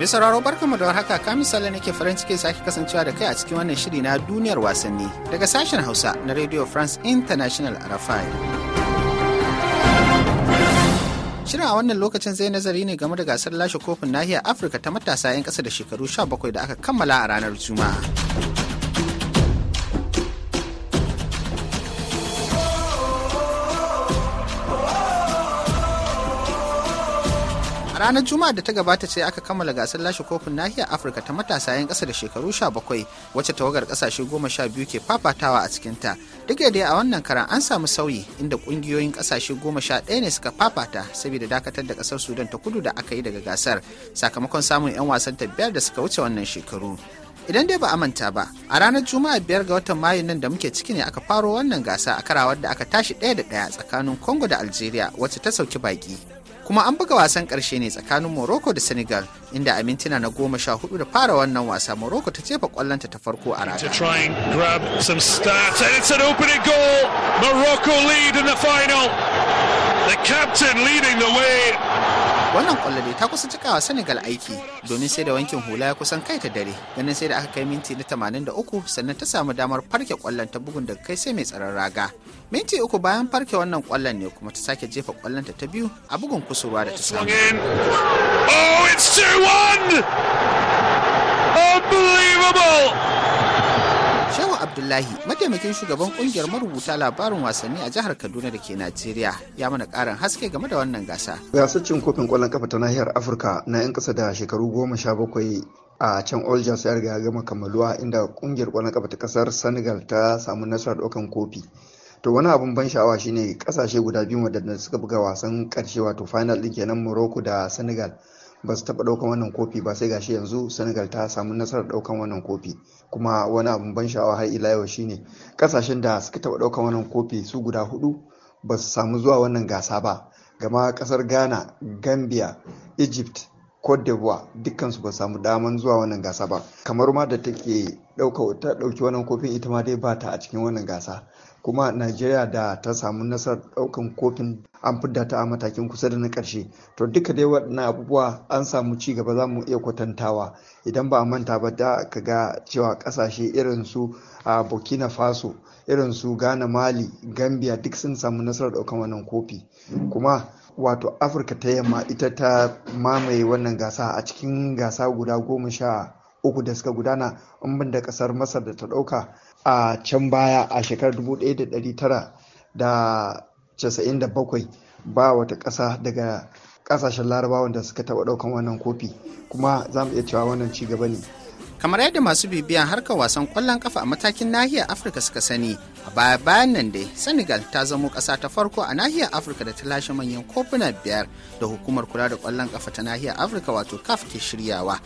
Mai sauraro barkanmu da warhaka ka misali nake farin ciki sake kasancewa da kai a cikin wannan shiri na duniyar wasanni daga sashen Hausa na Radio France International a Shirin a wannan lokacin zai nazari ne game da gasar lashe kofin nahiyar Afirka ta matasa 'yan kasa da shekaru 17 da aka kammala a ranar Juma'a. ranar juma'a da ta gabata ce aka kammala gasar lashe kofin nahiyar afirka ta matasa 'yan ƙasa da shekaru 17 wacce tawagar ƙasashe 12 ke fafatawa a cikinta duk da a wannan karan an samu sauyi inda ƙungiyoyin ƙasashe 11 ne suka fafata saboda dakatar da ƙasar sudan ta kudu da aka yi daga gasar sakamakon samun 'yan wasan ta biyar da suka wuce wannan shekaru idan dai ba a manta ba a ranar juma'a biyar ga watan mayu nan da muke ciki ne aka faro wannan gasa a karawar da aka tashi ɗaya da ɗaya tsakanin congo da algeria wacce ta sauki baki kuma an buga wasan karshe ne tsakanin morocco da senegal inda a mintuna na goma sha hudu da fara wannan wasa morocco ta jefa kwallonta ta farko a rana wannan kwallo dai wannan ta kusa cikawa senegal aiki domin sai da wankin hula ya kusan kai ta dare ganin sai da aka kai minti na 83 sannan ta samu damar farke kwallon ta bugun daga kai sai mai tsaron raga minti uku bayan farke wannan kwallon ne kuma ta sake jefa kwallon ta biyu a bugun kusurwa da ta samu oh, Shehu Abdullahi, mataimakin shugaban kungiyar marubuta labarin wasanni a jihar Kaduna da ke Najeriya, ya mana karin haske game da wannan gasa. Gasar kofin kwallon kafa ta nahiyar Afirka na 'yan ƙasa da shekaru goma sha bakwai a can Oljas ya riga ya gama kammaluwa inda kungiyar kwallon kafa ta kasar Senegal ta samu nasarar ɗaukan kofi. to wani abun ban sha'awa shine kasashe guda biyu wadanda suka buga wasan karshe wato final din kenan morocco da senegal ba su taɓa ɗaukan wannan kofi ba sai gashi yanzu senegal ta samu nasarar ɗaukan wannan kofi kuma wani abin ban sha'awa har ila yau shine kasashen da suka taɓa ɗaukan wannan kofi su guda hudu ba su samu zuwa wannan gasa ba gama kasar ghana gambia egypt cote d'ivoire dukkansu ba samu daman zuwa wannan gasa ba kamar ma da take ɗauka ta ɗauki wannan kofin ita ma dai ba ta a cikin wannan gasa kuma najeriya da ta samu nasarar daukan kofin an fidda ta a matakin kusa da na karshe to duka dai waɗannan abubuwa an samu ci gaba za mu iya kwatantawa idan ba a manta ba da ka ga cewa ƙasashe irin su a burkina faso irin su ghana mali gambia duk sun samu nasarar daukan wannan kofi kuma wato afirka ta yamma ita ta mamaye wannan gasa a cikin gasa guda goma sha uku da suka gudana in bin da kasar masar da ta dauka a can baya a shekarar 1997 ba wata ƙasa daga ƙasashen larabawan da suka taɓa ɗaukan wannan kofi kuma za mu iya cewa wannan ci gaba ne kamar yadda masu bibiyan harkar wasan kwallon kafa a matakin nahiyar afirka suka sani a baya bayan nan dai senegal ta zamo ƙasa ta farko a nahiyar afirka da ta lashe manyan kofuna biyar da hukumar kula da kwallon kafa ta nahiyar afirka wato caf ke shiryawa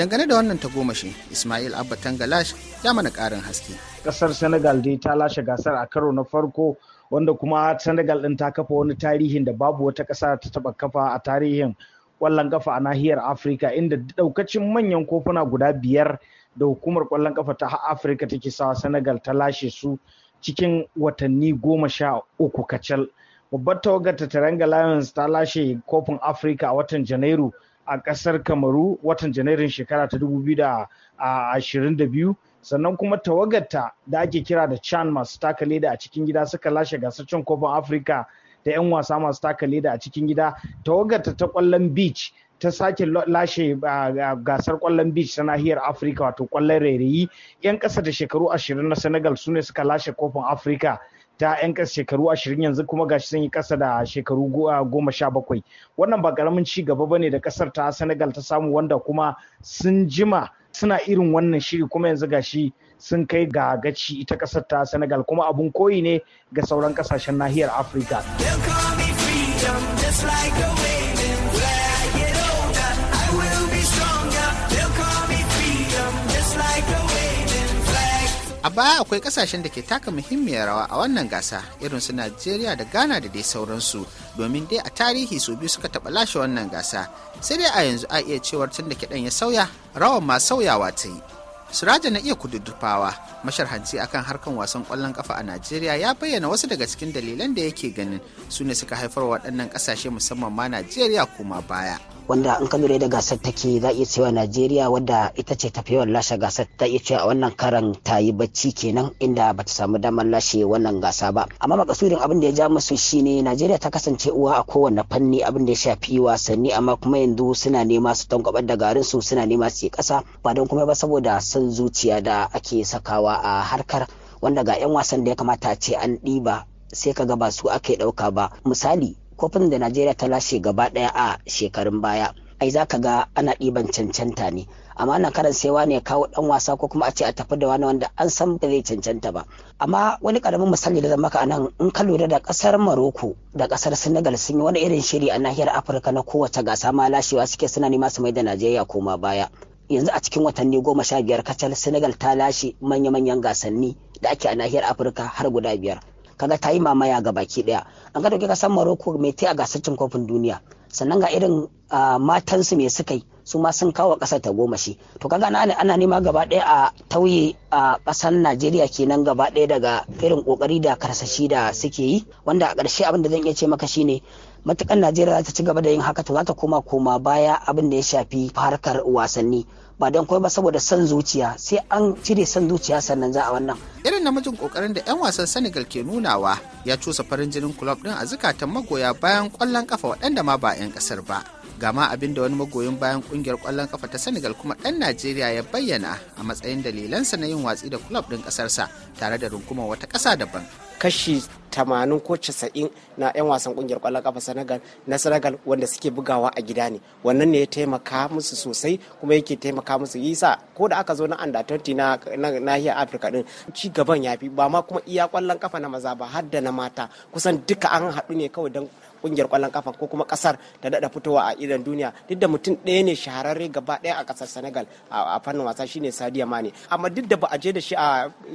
dangane da wannan tagomashi ismail abba tangalash ya mana karin haske kasar senegal dai ta lashe gasar a karo na farko wanda kuma senegal din ta kafa wani tarihin da babu wata ƙasa ta taba kafa a tarihin kwallon kafa a nahiyar afirka inda daukacin manyan kofuna guda biyar da hukumar kwallon kafa ta afirka take sawa senegal ta lashe su cikin watanni goma sha uku kacal babbar tawagar ta taranga lions ta lashe kofin afirka a watan janairu a ƙasar kamaru watan janairun shekara ta 2022 sannan kuma tawagarta da ake kira da chan masu taka leda a cikin gida suka lashe gasar cin kofin afirka da 'yan wasa masu taka leda a cikin gida tawagarta ta kwallon beach ta sake lashe gasar ƙwallon beach ta nahiyar afirka wato kwallon rairayi 'yan ƙasa da shekaru 20 na senegal su ne suka lashe kofin afirka ta 'yan ƙasa shekaru ashirin yanzu kuma gashi sun yi ƙasa da shekaru goma sha bakwai wannan ba ƙaramin ci gaba bane da ƙasar ta senegal ta samu wanda kuma sun jima suna irin wannan shiri kuma yanzu gashi sun kai ga gaci ita ƙasar ta senegal kuma abun koyi ne ga sauran ƙasashen nahiyar afirka. a baya akwai kasashen da ke taka muhimmiyar rawa a wannan gasa irin su najeriya da ghana da dai sauransu domin dai a tarihi su biyu suka taɓa lashe wannan gasa sai dai a yanzu a iya cewar tun da kiɗan ya sauya rawan ma sauyawa ta yi Suraja na iya kududdufawa masharhanci akan harkan wasan ƙwallon ƙafa a najeriya ya bayyana wasu daga cikin dalilan da yake ganin su ne suka haifar waɗannan ƙasashe musamman ma najeriya kuma baya wanda an kalure da gasar take za iya cewa najeriya wadda ita ce tafi yawan lashe gasar ta iya cewa wannan karan ta yi bacci kenan inda ba ta samu damar lashe wannan gasa ba amma makasudin abin da ya ja musu shine najeriya ta kasance uwa a kowane fanni abin da ya shafi wasanni amma kuma yanzu suna nema su tankwabar da garin su suna nema su yi kasa ba don kuma ba saboda son zuciya da ake sakawa a harkar wanda ga 'yan wasan da ya kamata a ce an ɗiba sai ka ga ba su aka ɗauka ba misali kofin da najeriya ta lashe gaba daya a shekarun baya ai za ka ga ana ɗiban cancanta ne amma ana karan wani ne kawo ɗan wasa ko kuma a ce a tafi da wani wanda an san ba zai cancanta ba amma wani karamin misali da zan maka anan in ka lura da kasar Maroko da ƙasar Senegal sun yi wani irin shiri a nahiyar Afirka na kowace gasa ma lashewa suke suna nema su mai da Najeriya koma baya yanzu a cikin watanni goma sha biyar kacal Senegal ta lashe manya-manyan gasanni da ake a nahiyar Afirka har guda biyar kaga ta yi mamaya ga baki daya an ka dauke kasar Morocco mai ta a gasar cin kofin duniya sannan ga irin matansu me suka yi su ma sun kawo ƙasar ta goma shi to kaga ana ana nema gaba ɗaya a tauye a ƙasar Najeriya kenan gaba ɗaya daga irin kokari da karsashi da suke yi wanda a ƙarshe abin da zan iya ce maka shi ne matukan Najeriya za ta ci gaba da yin haka to za ta koma koma baya abin da ya shafi harkar wasanni ba don kawai ba saboda son zuciya sai an cire son zuciya sannan za a wannan. Irin namijin kokarin da 'yan wasan Senegal ke nunawa ya cusa farin jinin kulob din a zukatan magoya bayan kwallon kafa waɗanda ma ba 'yan ƙasar ba. gama abin da wani magoyin bayan kungiyar kwallon kafa ta senegal kuma dan najeriya ya bayyana a matsayin dalilansa na yin watsi da club din kasarsa tare da rungumar wata kasa daban kashi 80 ko 90 na 'yan wasan kungiyar kwallon kafa senegal na senegal wanda suke bugawa a gida ne wannan ne ya taimaka musu sosai kuma yake taimaka musu yisa ko da aka zo na under 20 na nahiyar afirka din ci gaban ya fi ba ma kuma iya kwallon kafa na maza ba har da na mata kusan duka an haɗu ne kawai don kungiyar kwallon kafa ko kuma kasar da dada fitowa a idan duniya duk da mutum ɗaya ne shahararre gaba ɗaya a kasar Senegal a fannin wasa shine Sadio Mane amma duk da ba a je da shi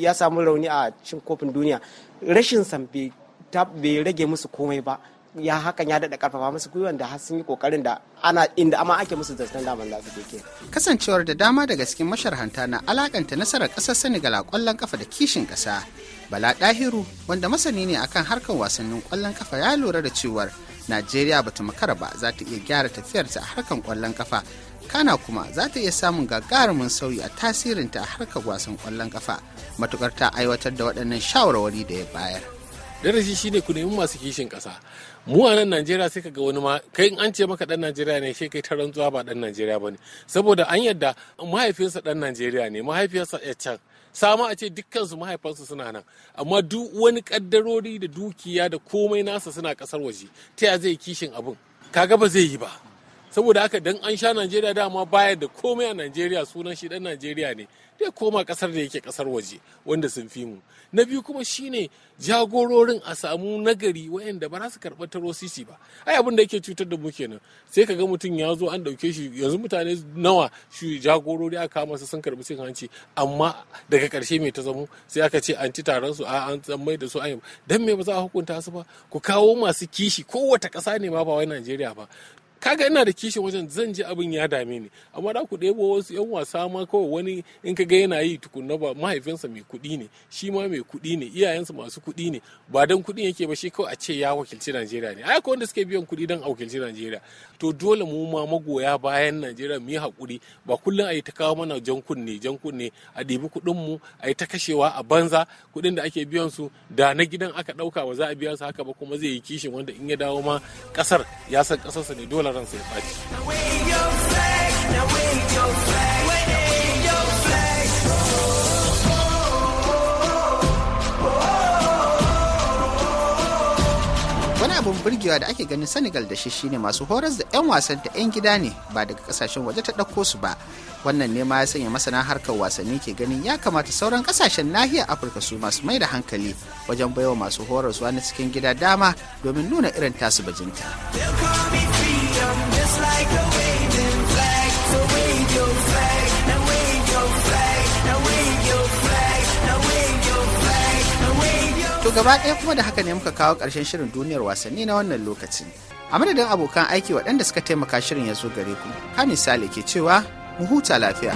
ya samu rauni a cin kofin duniya rashin san bai rage musu komai ba ya hakan ya daɗa karfafa musu gwiwan da sun yi kokarin da ana inda amma ake musu zancen daman da su ke. Kasancewar da dama daga cikin masharhanta na alakanta nasarar ƙasar Senegal a ƙwallon kafa da kishin ƙasa. Bala Ɗahiru wanda masani ne akan harkar wasannin ƙwallon kafa ya lura da cewar Najeriya bata makara ba za ta iya gyara tafiyarta a harkar ƙwallon kafa kana kuma za ta iya samun gagarumin sauyi a tasirinta a harkar wasan ƙwallon kafa matukar ta aiwatar da waɗannan shawarwari da ya bayar. Darasi shine ku nemi masu kishin ƙasa mu a nan najeriya sai ka ga wani ma kai an ce maka dan najeriya ne shi kai ta rantsuwa ba dan najeriya ba ne saboda an yadda mahaifinsa dan najeriya ne mahaifiyarsa ya can sama a ce dukkansu mahaifansu suna nan amma duk wani kaddarori da dukiya da komai nasa suna kasar waje ta ya zai kishin abin kaga ba zai yi ba saboda haka dan an sha najeriya dama baya da komai a najeriya sunan shi dan najeriya ne zai koma kasar da yake kasar waje wanda sun fi mu na biyu kuma shine jagororin a samu nagari wayanda ba za su karɓi taro sisi ba ai abin da yake cutar da mu nan sai ka ga mutum ya zo an ɗauke shi yanzu mutane nawa shi jagorori aka kama su sun karɓi cin hanci amma daga karshe mai ta zamo sai aka ce an ci taron su a an mai da su an dan me ba za a hukunta su ba ku kawo masu kishi kowace ƙasa ne ma ba wai Najeriya ba kaga ina da kishi wajen zan ji abin ya dame ni amma da ku ɗebo wasu yan wasa ma kawai wani in ka ga yana yi tukunna ba mahaifinsa mai kuɗi ne shi ma mai kuɗi ne iyayensa masu kuɗi ne ba dan kuɗi yake ba shi kawai a ce ya wakilci Najeriya ne ai ko wanda suke biyan kuɗi dan a wakilci Najeriya to dole mu ma magoya bayan Najeriya mu yi hakuri ba kullum a yi ta kawo mana jan kunne jan kunne a ɗibi kuɗin mu a yi ta kashewa a banza kuɗin da ake biyan su da na gidan aka ɗauka ba za a biya su haka ba kuma zai yi kishin wanda in ya dawo ma ƙasar ya san ƙasarsa ne dole wani abin burgewa da ake ganin senegal da shi shine masu horas da 'yan wasan ta 'yan gida ne ba daga kasashen waje ta ɗauko su ba wannan ne ma ya sanya masana harkar wasanni ke ganin ya kamata sauran kasashen nahiyar afirka su masu mai da hankali wajen baiwa masu horaswa na cikin gida dama domin nuna irin tasu bajinta. To gaba ɗaya kuma da haka ne muka kawo ƙarshen shirin duniyar wasanni na wannan lokacin. A madadin abokan aiki waɗanda suka taimaka shirin ya zo gare ku, ka misali ke cewa mu huta lafiya.